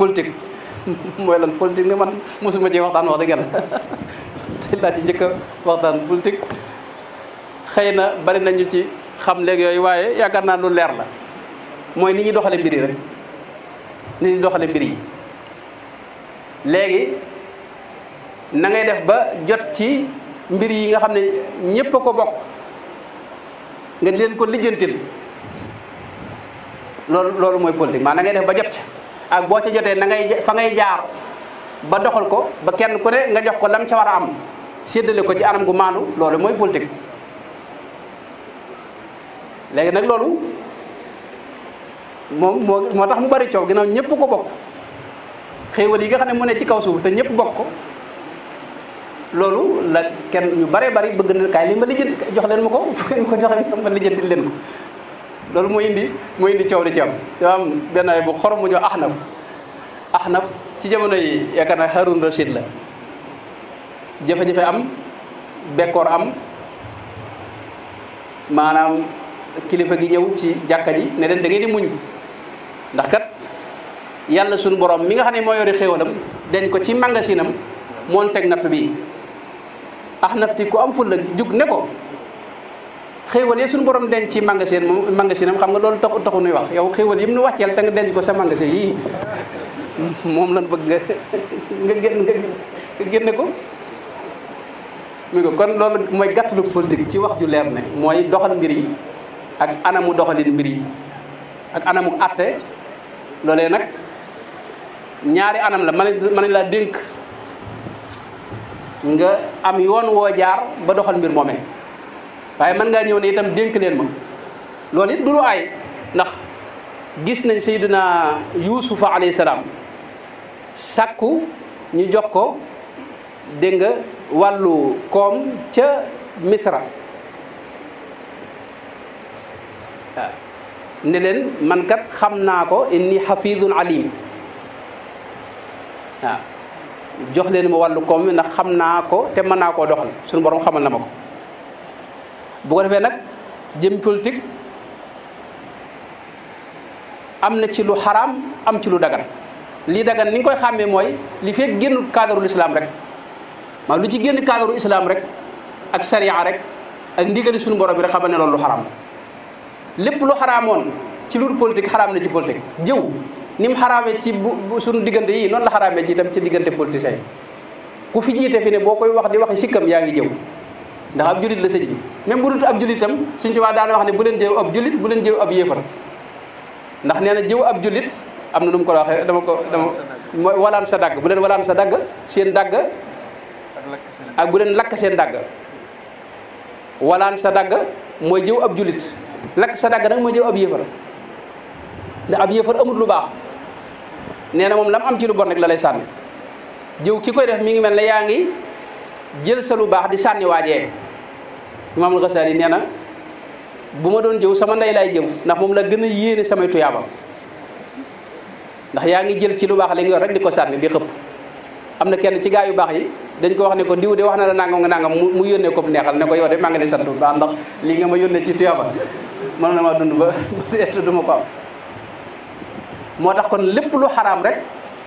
politik moy lan politik ni man musuma ci waxtan wax dëgg yàlla tey ci jëk waxtan politik xeyna bari nañu ci xam leg yoy waye yakar na lu leer la moy ni ñi doxale mbiri rek ni ñi doxale mbiri legi na ngay def ba jot ci mbir yi nga xamne ñepp ko bok nga len ko lijeentil lool lool moy politique maa na ngay def ba jot ak boo ci jotee na ngay fa ngay jaar ba doxal ko ba kenn ku ne nga jox ko lam ca war a am séddale ko ci anam gu maandu loolu mooy politique léegi nag loolu moom moo moo tax mu bari gi ginnaaw ñëpp ko bokk xéewal yi nga xam ne mu ne ci kaw suuf te ñëpp bokk ko loolu la kenn ñu bare bari bëgg na kaay li ma lijjanti jox leen ma ko bu ngeen ko joxee ma lijjanti leen ko loolu moo indi mooy indi coow li ci am dafa am benn ay bu xorom mu ñu axnaf axnaf ci jamono yi yaakaar naa Harun Rashid la jafe-jafe am bekkoor am maanaam kilifa gi ñëw ci jàkka ji ne leen da ngeen di muñ ndax kat yàlla suñu borom mi nga xam ne mooy yore xéewalam dañ ko ci mangasinam moon teg natt bi axnaf ti ku am fulla jug ne ko xewal ye ya sun borom denc ci magasin mu magasinam xam nga lolou tok tok nuy wax yow xewal yim nu waccel ci nga denc ko sa magasin yi mom lañ bëgg nga génn nga génne ko mi ko kon loolu mooy gàttalu politique ci wax ju leer ne moy doxal mbiri ak anamu doxalin mbiri ak anamu atté lolé nak ñaari anam la man la denk nga am yoon wo jaar ba doxal mbir momé waaye man ngaa ñëw ne itam dénk leen ma loolu it du lu aay ndax gis nañ sayyidina yusufa alayhi salaam sàkku ñu jox ko dégg nga wàllu koom ca misra waaw ne leen man kat xam naa ko inni xafidun alim jox leen ma wàllu koom ndax xam naa ko te mën naa koo doxal suñu borom xamal na ma ko bu ko defee nag jëm politique am na ci lu xaraam am ci lu dagan lii dagan ni koy xàmmee mooy li fekk génnul cadre l'islam rek maa lu ci génn cadre islam rek ak sariya rek ak ndigali suñu borom bi rek xamal ne loolu lu xaraam lépp lu xaraamoon ci lu politique xaraam na ci politique jëw ni mu xaraamee ci bu sunu diggante yi noonu la xaraamee ci itam ci diggante politiciens yi ku fi jiite fi ne boo koy wax di wax sikkam yaa ngi jëw ndax ab julit la sëñ bi même bu dut ab julitam suñ tubaa daana wax ne bu leen jëw ab julit bu leen jëw ab yéefar ndax nee na jëw ab julit am na nu mu ko waxee dama ko dama mooy walaan sa dagg bu leen sa dagg seen dagg ak bu leen lakk seen dagg walaan sa dagg mooy jëw ab julit lakk sa dagg nag mooy jëw ab yéefar ndax ab yéefar amut lu baax nee na moom lam am ci lu bon rek la lay sànni jëw ki koy def mi ngi mel ne yaa ngi jël sa lu baax di sànni waajee imaamul Xasaali nee na bu ma doon jëw sama ndey laay jëm ndax moom la gën a yéene samay tuyaabam ndax yaa ngi jël ci lu baax li nga yor rek di ko sànni di xëpp am na kenn ci gaa yu baax yi dañ ko wax ne ko diw de wax na la nangam nga nangam mu yónnee ko neexal ne ko yow maa ngi lay sant bu baax ndax lii nga ma yónnee ci tuyaaba mën na ma dund ba te du ma ko am moo tax kon lépp lu xaraam rek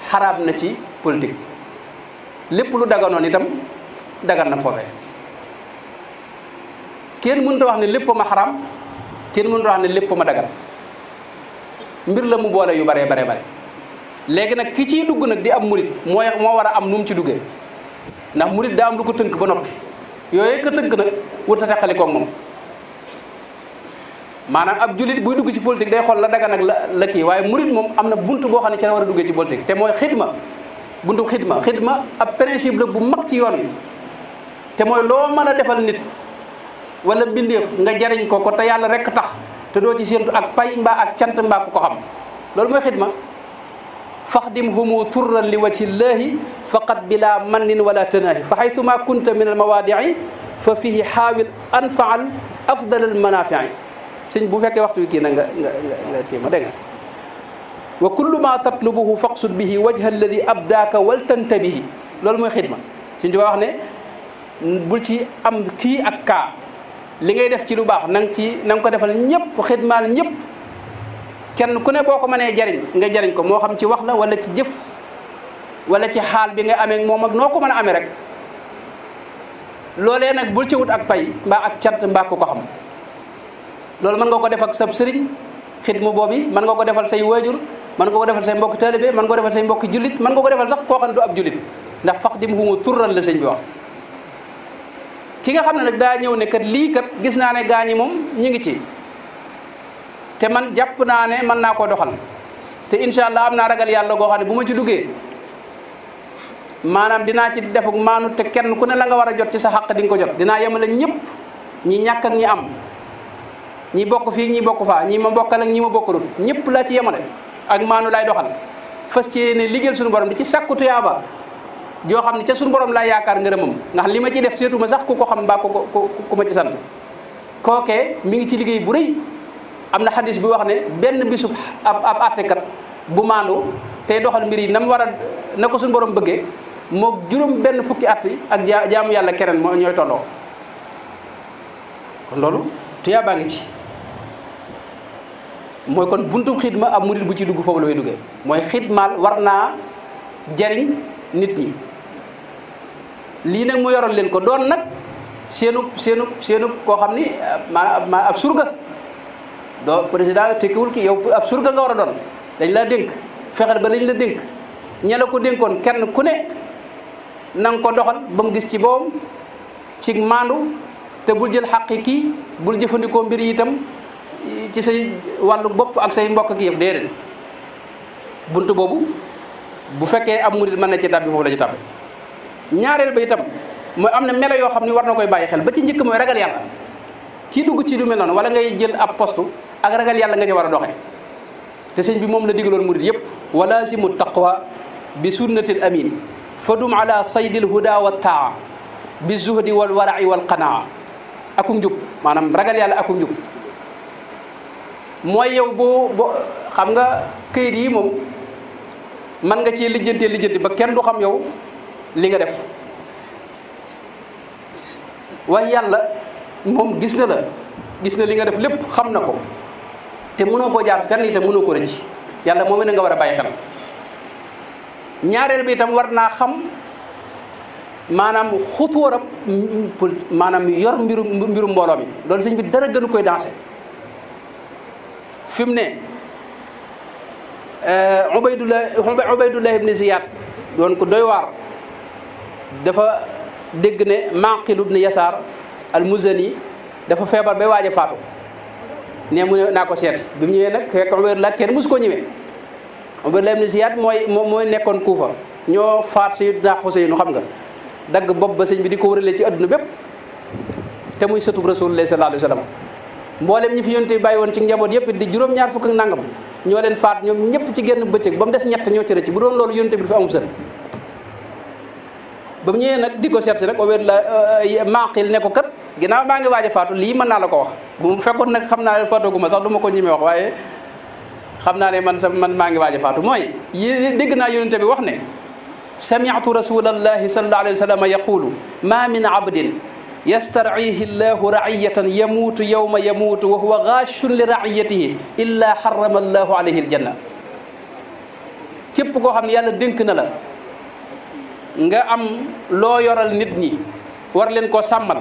xaraam na ci politique lépp lu daganoon itam dagan na foofee kenn mënut a wax ne lépp ma xaram kenn mënut a wax ne lépp ma dagan mbir la mu boole yu baree bare bare léegi nag ki ci dugg nag di am murit mooy moo war a am nu mu ci duggee ndax murit daa lu ko tënk ba noppi yooyu ko tënk nag wut a teqali koog moom maanaam ab jullit buy dugg ci politique day xool la dagan ak la la waaye murit moom am na bunt boo xam ne ci la war a duggee ci politique te mooy xidma buntu xidma xidma ab principe la bu mag ci yoon wi te mooy loo mën a defal nit wala mbindeef nga jariñ ko ko te yàlla rek tax te doo ci séentu ak pay mbaa ak cant mbaa ku ko xam loolu mooy xidma faxdimhumu turran li wajhillahi faqat bila mannin wala tanaahi fa xaytuma kunta min almawaadii fa fihi xaawil an faal afdal almanafii sëñ bu fekkee waxtu wi kii na nga nga nga kii ma dégg nga wa kullu ma tatlubuhu faqsud bihi wajha alladi abdaaka waltantabihi loolu mooy xidma sëñ Tuubaa wax ne bul ci am kii ak kaa li ngay def ci lu baax na nga ci na ko defal ñëpp xidmaal ñëpp kenn ku ne boo ko mënee jariñ nga jariñ ko moo xam ci wax la wala ci jëf wala ci xaal bi nga amee moom ak noo ko mën a amee rek loolee nag bul ci wut ak pay mbaa ak cant mbaa ko xam loolu mën nga ko def ak sab sëriñ xidmu boobu mën nga ko defal say waajur mën nga ko defal say mbokk taalibe mën nga ko defal say mbokk jullit mën nga ko defal sax koo xam du ab jullit ndax fax dim humu turral la sëñ bi ki nga xam ne nag daa ñëw ne kat lii kat gis naa ne gaa ñi moom ñu ngi ci te man jàpp naa ne mën naa koo doxal te incha allah am naa ragal yàlla goo xam ne bu ma ci duggee maanaam dinaa ci defuk maanu te kenn ku ne la nga war a jot ci sa xaq di nga ko jot dinaa yemale ñëpp ñi ñàkk ñi am ñi bokk fii ñi bokk faa ñi ma bokkal ak ñi ma bokkalul ñëpp laa ci yemale ak maanu laay doxal fas ci ne liggéeyal suñu borom di ci sakku tuyaaba jo xamni ci sun borom la yaakar ngërëmam ndax lima ci def setuma sax kuko xam ba ku ko ma ci sant koke mi ngi ci liggey bu reuy amna hadith bi wax ne ben bisub ab ab attekat bu maandu tey doxal mbiri nam wara nako sun borom bëggee mo jurum ben fukki at ak jaamu yalla keren mo ñoy tolo kon lolu tiya baa ngi ci moy kon buntu khidma ab murid bu ci dugg fofu lay way moy khidmal warna jariñ nit ñi lii nag mu yoroon leen ko doon nag seenu seenu seenub koo xam ni ma ab surga doo président tekkiwul ki yow ab surga nga war a doon dañ la dénk fexeel ba dañ la dénk ña ko dénkoon kenn ku ne na ko doxal ba gis ci boom ci maandu te bul jël xàq kii bul jëfandikoo mbir yi itam ci say wàllu bopp ak say mbokk ki yëf déedéet bunt boobu bu fekkee ab murit mën na ci tàbbi foofu la ci tàbbi ñaareel ba itam mooy am na melo yoo xam ni war na koy bàyyi xel ba ci njëkk mooy ragal yàlla kii dugg ci lu mel noonu wala ngay jël ab postu ak ragal yàlla nga ci war a doxee te sëñ bi moom la digaloon murid yëpp walla walaazimu taqwa bi sunnatil amin fadum ala saydil huda wa taa bi zuhdi wal warai wal qanaa akum njub maanaam ragal yàlla akum njub mooy yow boo boo xam nga këyit yi moom mën nga ci lijjante lijjante ba kenn du xam yow li nga def waaye yàlla moom gis na la gis na li nga def lépp xam na ko te mënoo koo jaar fenn itam mënoo ko rëcc yàlla moom na nga war a bàyyi xel ñaareel bi itam war naa xam maanaam xutuwaram maanaam yor mbiru mbiru mbooloo mi loolu sëñ bi dara gënu koy dansé fi mu ne euh, Ubaydullah Ubaydullah ibn Ziyad doon ko doy waar dafa dégg ne Maqil ibn Yasaar al-Muzani dafa feebar bay waaj a faatu ne mu ne naa ko seet bi mu ñëwee nag fekk Umayr la kenn mosu ko ñëwee Umayr la ibn Siyaad mooy mooy nekkoon Kuufa ñoo faat Sayyidina Xuseyn xam nga dagg bopp ba sëñ bi di ko wëralee ci adduna bépp te muy sëtub Rasulullah sallallahu alayhi wa sallam mboolem ñi fi yonte bàyyi woon ci njaboot yëpp di juróom-ñaar fukk ak nangam ñoo leen faat ñoom ñëpp ci genn bëccëg ba mu des ñett ñoo ci rëcc bu doon loolu yonte bi dafa amul sën ba mu ñëwee nag di ko seet si rek Ubayd la maaqil ne ko kat ginnaaw maa ngi waaj a faatu lii mën naa la ko wax bu fekkoon nag xam naa faatoogu ma sax du ma ko ñemee wax waaye xam naa ne man sa man maa ngi waaj a faatu mooy yé dégg naa yonente bi wax ne sami'tu rasulallahi sallallahu alayhi wa sallam yaqulu ma min abdin يسترعيه الله رعية يموت يوم يموت وهو غاش لرعيته إلا حرم الله عليه الجنة كيف كو خامن يالا دنك nga am loo yoral nit ñi war leen koo sàmmal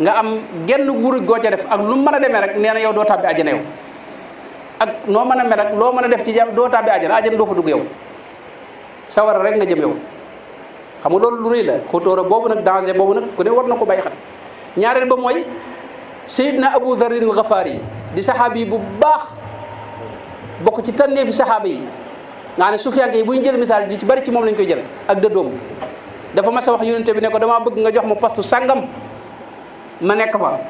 nga am genn wuru goo ca def ak lu mën a demee rek nee yow doo tàbbi àjjana yow ak noo mën a mel ak loo mën a def ci jàmm doo tàbbi àjjana àjjana doo fa dugg yow sawara rek nga jëm yow xam nga loolu lu rëy la xóotóora boobu nag danger boobu nag ko ne war na ko bàyyi xel ñaareel ba mooy Seydina Abu Dharr al yi di saxaabi yi bu baax bokk ci tànneefi saxaaba yi nana sufyan kay buñu jël misal di ci bari ci mom lañ koy jël ak de dom dafa mas a wax yoonte bi ne ko dama bëgg nga jox ma pastu sàngam ma nek fa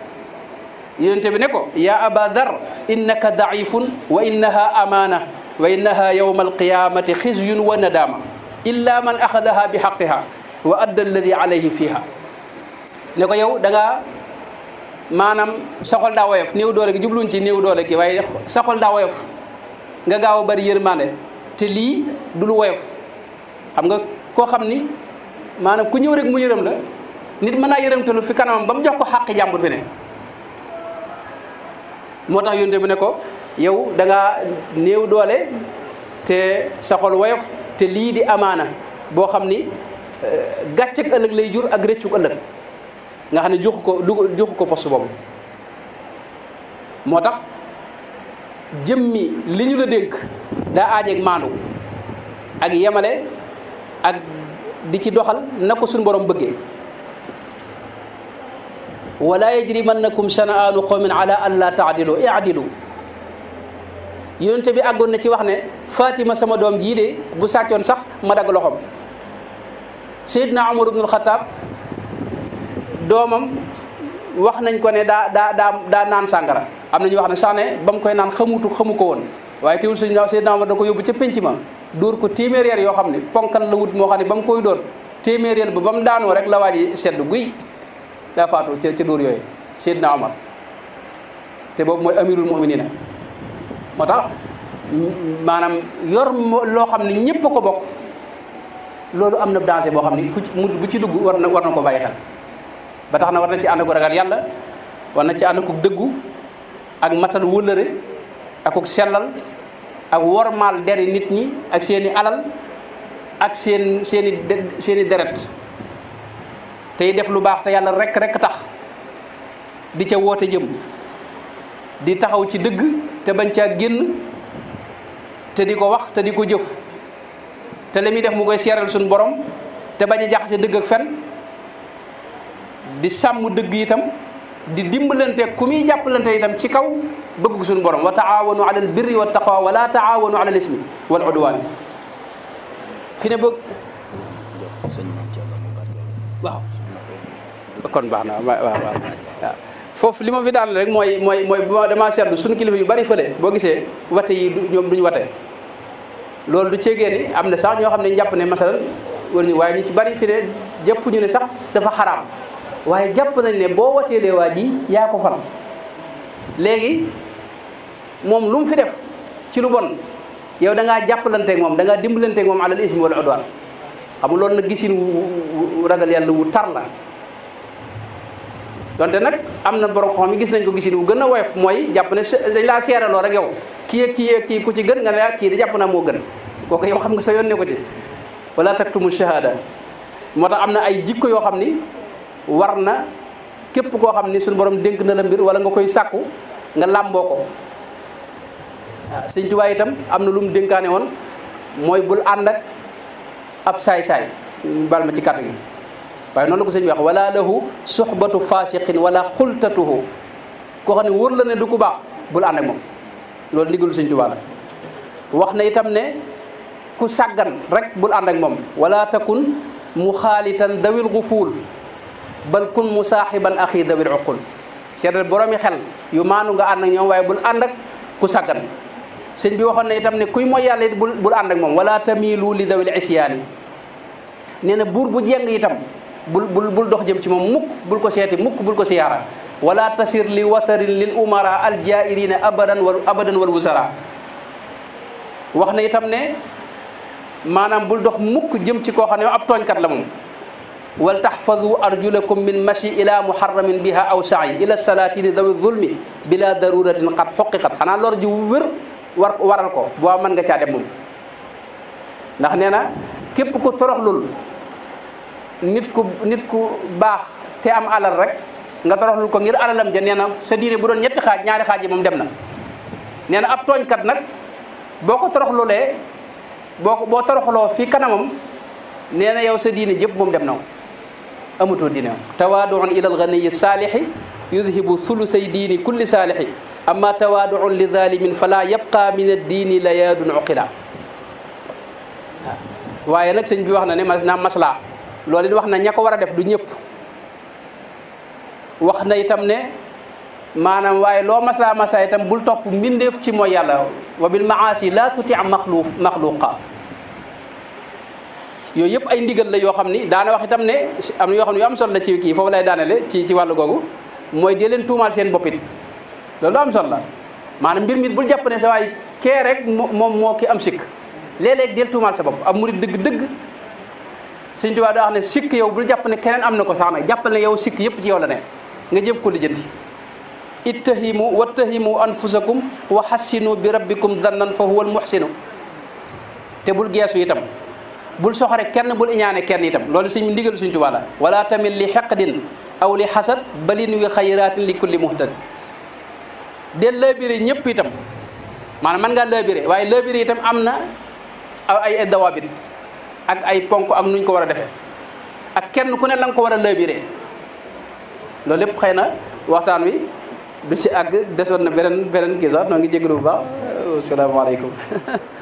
yoonte bi ne ko ya abadar innaka daifun wa innaha amana wa innaha yawm alqiyamati khizyun wa nadama illa man akhadhaha bihaqqiha wa adda alladhi alayhi fiha ne ko yow da nga maanaam saxol da woyof new doole gi jubluñ ci new doole gi waaye saxol da woyof nga gaaw bari yermane te lii dul woyof xam nga koo xam ni maanaam ku ñëw rek mu yërëm la nit mën naa yërëmtalu fi kanamam ba mu jox ko xàqi jàmbur fi ne moo tax yonte bi ne ko yow danga ngaa néew doole te sa xol woyof te lii di amaana boo xam ni euh, gàcceg ëllëg lay jur ak rëccug ëllëg nga xam ne juxu ko du juxu ko poste boobu moo tax jëmmi li ñu la dénk daa aajeeg maandu ak yemale ak di ci doxal na ko suñu borom bëggee wala yajrimannakum shana'aanu qawmin ala an laa taadilu iadilu yonente bi àggoon na ci wax ne Fatima sama doom jii de bu sàccoon sax ma dagg loxoom Seydina Omar ibnul Xataab doomam wax nañ ko ne daa daa naan sàngara am na ñu wax ne sax ne ba mu koy naan xamutu xamu ko woon waaye teewul suñu naaw Seydina Omar da ko yóbbu ca penc ma dóor ko téeméer yar yoo xam ne ponkal la wut moo xam ne ba koy dóor téeméer yar ba ba mu daanoo rek la waa sedd guy daa faatu ca ca dóor yooyu Seydina Omar te boobu mooy amirul muminina moo tax maanaam yor loo xam ne ñëpp ko bokk loolu am na danger boo xam ne ku bu ci dugg war na war na ko bàyyi xel ba tax na war na ci ànd ko yàlla war na ci ànd ko dëggu ak matal wëlëre akuk sellal ak wormal deri nit ñi ak seeni alal ak seen seeni seeni deret tey def lu baax te yàlla rek rek tax di ca woote jëm di taxaw ci dëgg te bañ ca génn te di ko wax te di ko jëf te li muy def mu koy seeral suñ borom te bañ a jaxase dëgg ak fen di sàmm dëgg itam di dimbalante ku muy jàppalante itam ci kaw bëgg suñu borom wa taawanu alal birri wa taqwa wala taawanu alal ismi wal udwaan fi ne bëgg baax na waaw waaw foofu li ma fi daan rek mooy mooy mooy damaa seetlu suñu kilifa yu bari fële boo gisee wate yi ñoom duñu wate loolu du ceegee ni am na sax ñoo xam ne jàpp ne masalan war ñu waaye ñu ci bari fi ne jëpp ñu ne sax dafa xaraam waye japp nañ ne bo wateelee waa ji yaa ko fal léegi mom lu mu fi def ci lu bon yow da ngaa jàppalanteeg mom, da ngaa dimbalanteeg mom ala ismi wal udwan xam loolu na gisin ragal yalla wu tar la donte nak amna na borom xam yi gis nañ ko gisin wu gëna a moy japp ne dañ séré lo rek yow ki ak ki ak kii ku ci gën nga ne ah ki da japp na mo gën koko yow xam nga sa yonne ko ci wala taktumu shahada mota amna ay jikko yo xamni warna na képp koo xam suñu borom denk na la mbir wala nga koy sakku nga lamboko ko waaw ah, itam am lum lu won moy bul andak ab say say bal ma ci kaddu gi way noonu la ko sëñ wax wala lahu suhbatu fasiqin wala khultatuhu ko xamni wor la ne du ku bax bul andak mom lol ligul ndigalu sëñ wax na itam ne ku rek bul andak mom wala takun mukhalitan dawil ghuful bal kun musaaxiban axi dawil uqul seetal boroomi xel yu maanu nga ànd ak ñoom waaye bul ànd ak ku sàggan sëñ bi waxoon na itam ne kuy mooy yàlla it bul bul ànd ak moom wala tamilu li dawil isyaani nee na buur bu jeng itam bul bul dox jëm ci moom mukk bul ko seeti mukk bul ko siyaara wala tasir li watarin li umara al jairina abadan wal abadan wal wusara wax na itam ne maanaam bul dox mukk jëm ci koo xam ne ab tooñkat la moom wal taxfadu arjulakum min mashi ila muharramin biha aw saayi ila salaatini dawi zulmi bila daruratin xat xuqiqat xanaa lor ji wër war waral ko boo mën nga caa dem moom ndax nee na képp ku toroxlul nit ko nit ku baax te am alal rek nga toroxlul ko ngir alalam ja nee na sa diine bu doon ñetti xaaj ñaari xaaj yi moom dem na nee na ab tooñkat nag boo ko toroxlulee boo ko boo toroxloo fii kanamam nee na yow sa diine jëpp moom dem na amatoo dina tawaaduun ila alganiyi saalihi yudhibu thulusay diini kulli saalihi amma tawaaduun li zalimin fala yabqa min addiini layaadun uqila waaye nag sëñ bi wax na ne mas naa maslaa loolu it wax na ña ko war a def du ñëpp wax na itam ne maanaam waaye loo maslaa maslaa itam bul topp mbindeef ci mooy yàlla wa bil maasi laa tuti maxluuf maxluqa yooyu yëpp ay ndigal la yoo xam ni daana wax itam ne am na yoo xam ne yu am solo la ci kii foofu lay daanale ci ci wàllu googu mooy dee leen tuumaal seen boppit loolu am solo la maanaam mbir mi bul jàpp ne sa waay kee rek moom moo ki am sikk léeg-léeg deel tuumaal sa bopp am murit dëgg-dëgg Sëñ Tuubaa daa wax ne sikk yow bul jàpp ne keneen am na ko sax nag jàppal ne yow sikk yëpp ci yow la ne nga jëm ko lijjanti ittahimu wattahimu anfusakum wa hassinu bi rabbikum dannan fa huwa almuhsinu te bul geesu itam bul soxore kenn bul iñaane kenn itam loolu suñ ndigal suñ Tuubaa la wala tamit li xeq xeqdin aw li xasad balin wi xayraatin li kulli muhtad del lëbire ñëpp itam maanaam mën ngaa lëbire waaye lëbire itam am na ay dawaabit ak ay ponk ak nuñ ko war a defee ak kenn ku ne na ko war a lëbire loolu lépp xëy na waxtaan wi du ci àgg desoon na beneen beneen gisaat noo ngi jégalu bu baax asalaamaaleykum